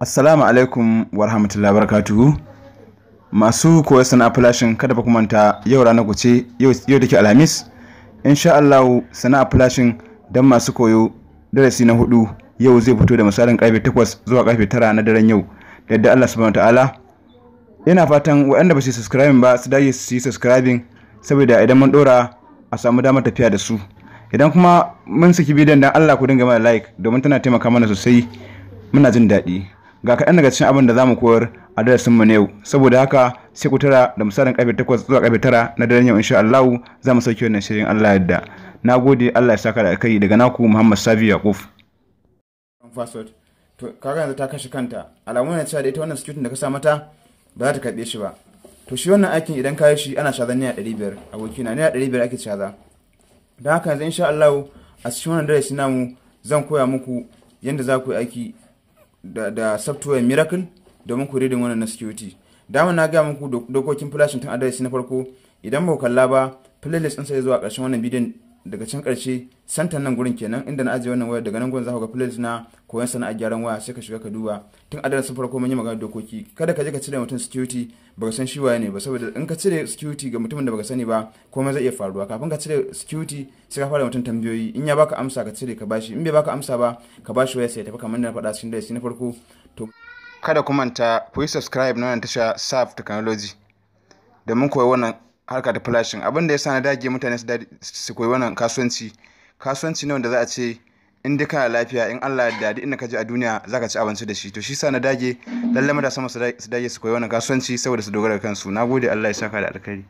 Assalamu alaikum wa rahmatullahi barakatuhu. Masu koyar sana'a flashin kada ba ku manta yau rana ku ce yau da Alhamis. Insha Allah sana'a flashin don masu koyo darasi na hudu yau zai fito da misalin karfe 8 zuwa karfe 9 na daren yau. Da yadda Allah subhanahu ta'ala yana fatan waɗanda ba su subscribing ba su dage su yi subscribing saboda idan mun dora a samu damar tafiya da su. Idan kuma mun saki bidiyon dan Allah ku dinga mana like domin tana taimaka mana sosai muna jin daɗi. ga kaɗan daga cikin abin da za mu koyar a mu na yau saboda haka sai ku tara da misalin ƙarfe takwas zuwa ƙarfe tara na daren yau insha Allah za mu sauke wannan shirin Allah yadda na gode Allah ya saka da kai daga naku Muhammad Sabi Yakuf to kaga yanzu ta kashe kanta alamun ne cewa da ita wannan security da ka sa mata ba za ta karɓe shi ba to shi wannan aikin idan ka yi shi ana shaza naira ɗari biyar abokina naira ɗari biyar ake shaza don haka yanzu insha Allah a cikin wannan darasi namu zan koya muku yadda za ku yi aiki da, da software miracle domin ku reading wannan na security dama na gaya muku dokokin flashing tun adresi na farko idan ba ku kalla ba playlist din sai zuwa ƙarshen wannan bidiyon daga can karshe santan nan gurin kenan inda na ajiye wannan wayar daga nan gurin za ka ga playlist na koyon sana'a gyaran waya sai ka shiga ka duba tun sun farko mun yi magana dokoki kada ka je ka cire mutum security baka san shi waye ne ba saboda in ka cire security ga mutumin da baka sani ba komai zai iya faruwa kafin ka cire security sai ka fara mutum tambayoyi in ya baka amsa ka cire ka bashi in bai baka amsa ba ka bashi waya sai tafi kamar da na faɗa cikin darasi na farko to kada ku manta ku yi subscribe na wannan tasha Saf Technology domin koyi wannan harka da flashing abinda da ya sa na dage mutane su koyi wannan kasuwanci kasuwanci ne wanda za a ce in dai kana lafiya in Allah ya dadi inda ka ji a duniya zaka ci abinci da shi to shi sa na dage lalle sama su dage su koyi wannan kasuwanci saboda su dogara kansu nagode Allah ya saka da alkhairi